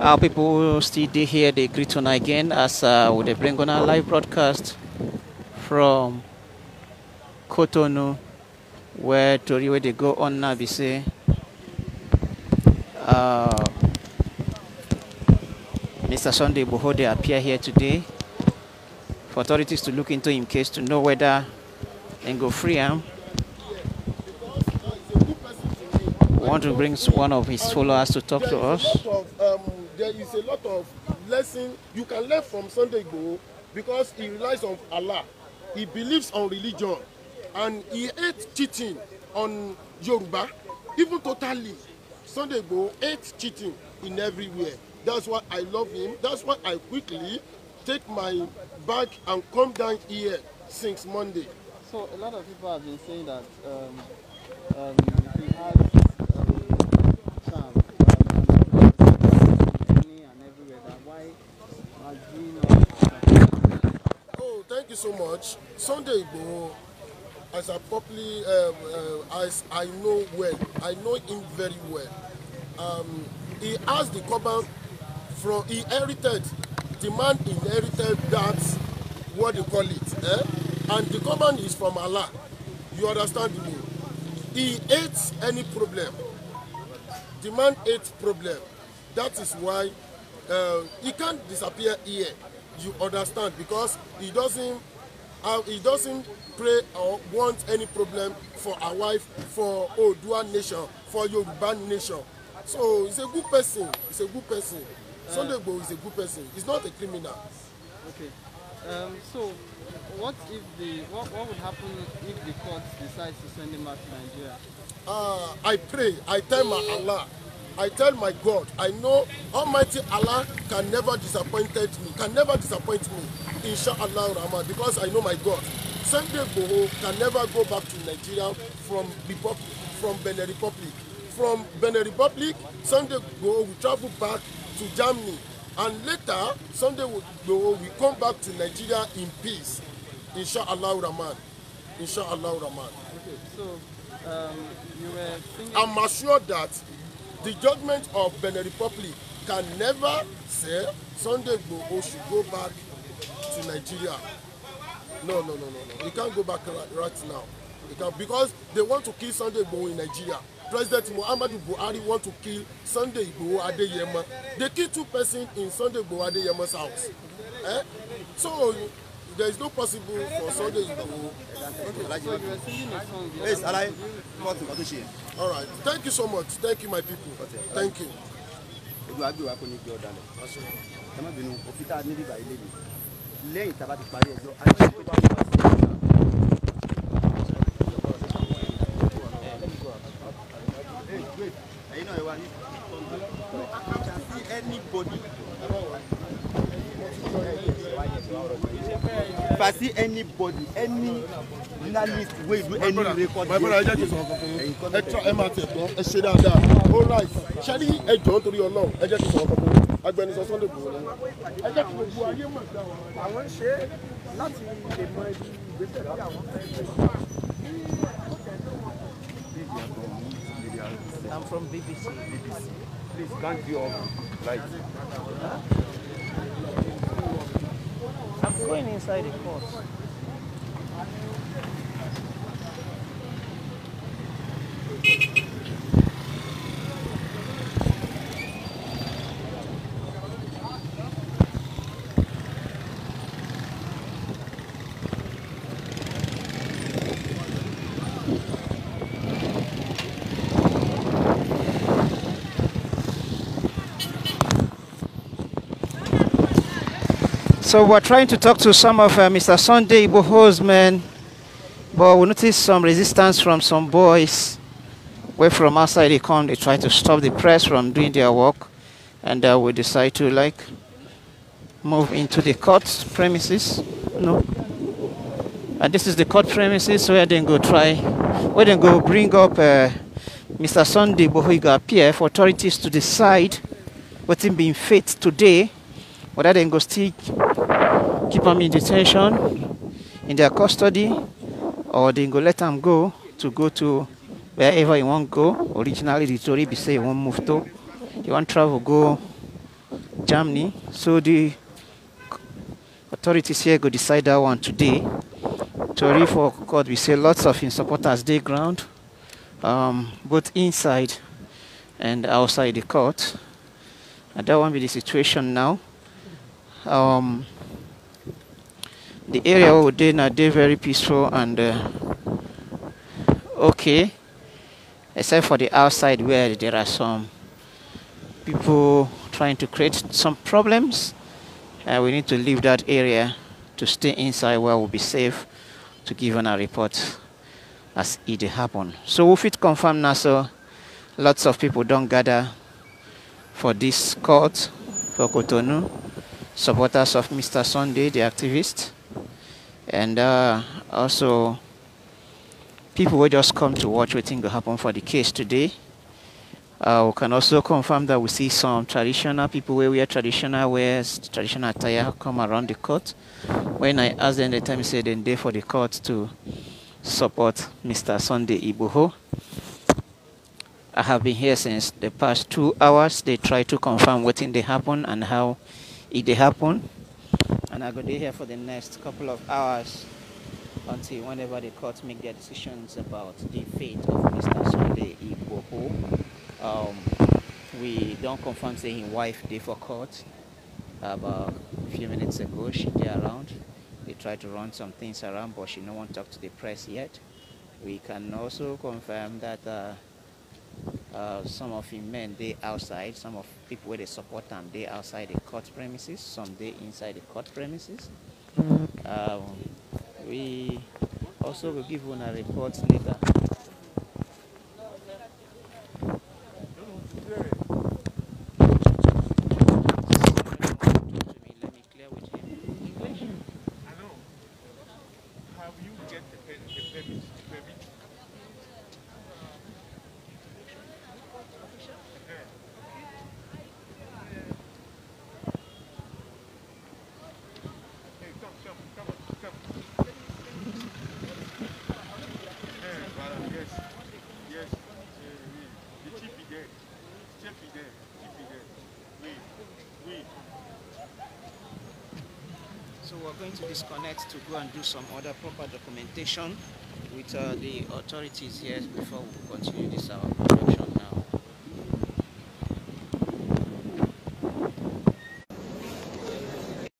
Our people still day here, they greet on again as uh, we bring on our live broadcast from Kotonu, where Tori where they go on now, they say. Uh, Mr. Sunday Boho, they appear here today for authorities to look into him case to know whether and go free him. want to bring one of his followers to talk to us. there is a lot of lesson you can learn from Sunday Go because he relies on Allah he believes on religion and he hates cheating on Yoruba even totally Sunday Go hates cheating in everywhere that's why I love him that's why I quickly take my bag and come down here since Monday. So a lot of people have been saying that um, um, he has um, charm so much Sunday Igboho as I properly um, uh, as I know well I know him very well um, he has the command from he inherited the man inherited that what you call it eh? and the command is from Allah you understand me he hates any problem the man hates problem that is why uh, he can't disappear here you understand because he doesn't and he doesn't pray or want any problem for our wife for Odua nation for Yoruba nation so he's a good person he's a good person uh, Sunday Igboho is a good person he's not a criminal. okay um, so what if the what, what would happen if the court decides to send him back to Nigeria. Uh, I pray I tell my Allah I tell my God, I know Almighty Allah can never disappointed me, can never disappoint me, inshallah Rahman, because I know my God. Sunday Igboho can never go back to Nigeria from Republic, from Benin Republic. From Benin Republic, Sunday Igboho will travel back to Germany, and later Sunday Igboho will come back to Nigeria in peace, inshallah Rahman, inshallah Rahman. Okay, so um, you were thinking... I'm assured that The judgment of Benin Republic can never say Sunday Igboho should go back to Nigeria. No, no, no, no, no. He can't go back right, now. because they want to kill Sunday Igboho in Nigeria. President Muhammadu Buhari want to kill Sunday Igboho Adeyemo. They kill two persons in Sunday Igboho Adeyemo's house. Eh? So there is no possible for Sunday Igboho. Yes, Alaye, what to do? All right. Thank you so much. Thank you, my people. Thank you. Ojú àgbè kò ní gbé ọ̀dà lọ. Ẹ má bínú òfin ní bíbá ilé mi. Lẹ́yìn tá a bá ti parí ẹjọ́, a ní kí ó wọ́n sí wá ní. I if i see anybody any journalist wey do any record my brother ẹ jẹ́ kí ẹ máa tẹ̀ tán ẹ ṣe dáadáa all right ṣẹ́rí ẹ jọ̀ọ́ nítorí ọlọ́run ẹ jẹ́ kí n sọ̀rọ̀ kankan agbẹnusọ Sunday Igboho ẹ jẹ́ kí gbogbo ayé mọ̀ gbà wá àwọn ń ṣe é láti lè mọ ibi ìgbésẹ̀ tí àwọn fẹ́ gbé. I'm from BBC. BBC. Please can't you all like. Huh? going inside the course. So we're trying to talk to some of uh, Mr. Sunday Iboho's men, but we noticed some resistance from some boys. Where from outside they come, they try to stop the press from doing their work, and uh, we decide to like move into the court premises. No. And this is the court premises where they go try, where they go bring up uh, Mr. Sunday Bohoiga appear for authorities to decide what has been fit today, whether they go still keep them in detention, in their custody, or they go let them go to go to wherever you want to go. Originally, the story be say you want move to, you want travel go Germany. So the authorities here go decide that one today. Tory for God, we say lots of in supporters day ground, um, both inside and outside the court. And that one be the situation now. Um, the area where we did now did very peaceful and uh, okay except for the outside where there are some people trying to create some problems uh, we need to leave that area to stay inside where we'll be safe to give on a report as it happened so if it confirmed now so lots of people don't gather for this court for Cotonou supporters of Mr. Sunday the activist and uh, also people will just come to watch what will happen for the case today. Uh, we can also confirm that we see some traditional people where wear traditional wears, traditional attire come around the court. When I asked them the time, they said they for the court to support Mr. Sunday Ibuho. I have been here since the past two hours. They try to confirm what in they happen and how it they happen and I go be here for the next couple of hours until whenever the court make their decisions about the fate of Mr. Sunday Igboho. Um, we don't confirm saying his wife did for court about a few minutes ago. She did around. They tried to run some things around, but she no one talked to the press yet. We can also confirm that uh, uh, some of him men they outside, some of people where they support them they outside the court premises, some they inside the court premises. Mm-hmm. Um, we also will give one a report later. So we're going to disconnect to go and do some other proper documentation with uh, the authorities here before we continue this our uh, production.